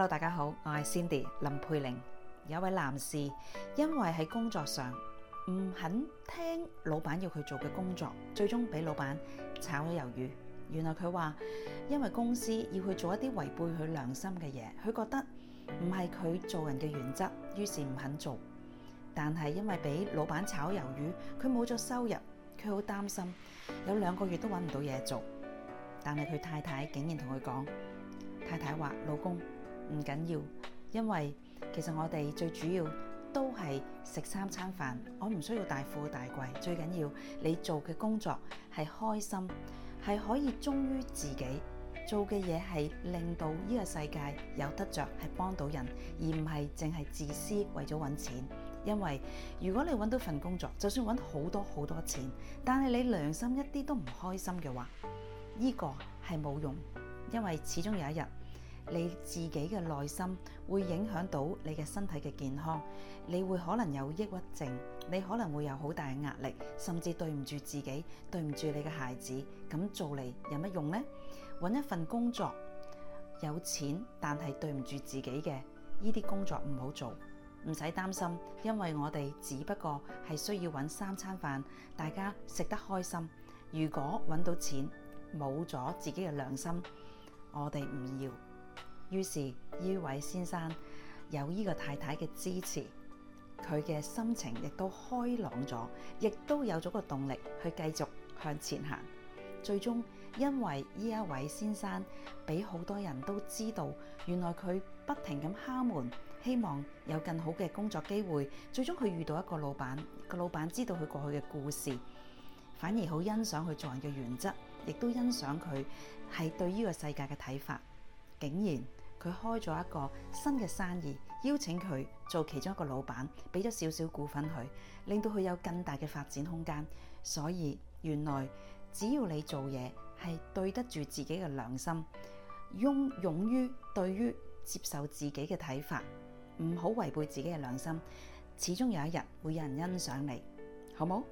hello，大家好，我係 Cindy 林佩玲。有一位男士因為喺工作上唔肯聽老闆要佢做嘅工作，最終俾老闆炒咗魷魚。原來佢話因為公司要佢做一啲違背佢良心嘅嘢，佢覺得唔係佢做人嘅原則，於是唔肯做。但係因為俾老闆炒魷魚，佢冇咗收入，佢好擔心有兩個月都搵唔到嘢做。但係佢太太竟然同佢講，太太話老公。唔緊要，因為其實我哋最主要都係食三餐飯，我唔需要大富大貴，最緊要你做嘅工作係開心，係可以忠於自己，做嘅嘢係令到呢個世界有得着，係幫到人，而唔係淨係自私為咗搵錢。因為如果你搵到份工作，就算搵好多好多錢，但係你良心一啲都唔開心嘅話，呢個係冇用，因為始終有一日。你自己嘅內心會影響到你嘅身體嘅健康，你會可能有抑鬱症，你可能會有好大嘅壓力，甚至對唔住自己，對唔住你嘅孩子，咁做嚟有乜用呢？揾一份工作有錢，但係對唔住自己嘅呢啲工作唔好做，唔使擔心，因為我哋只不過係需要揾三餐飯，大家食得開心。如果揾到錢冇咗自己嘅良心，我哋唔要。於是呢位先生有呢個太太嘅支持，佢嘅心情亦都開朗咗，亦都有咗個動力去繼續向前行。最終，因為呢一位先生俾好多人都知道，原來佢不停咁敲門，希望有更好嘅工作機會。最終佢遇到一個老闆，個老闆知道佢過去嘅故事，反而好欣賞佢做人嘅原則，亦都欣賞佢係對呢個世界嘅睇法，竟然。佢開咗一個新嘅生意，邀請佢做其中一個老闆，俾咗少少股份佢，令到佢有更大嘅發展空間。所以原來只要你做嘢係對得住自己嘅良心，用勇於對於接受自己嘅睇法，唔好違背自己嘅良心，始終有一日會有人欣賞你，好冇？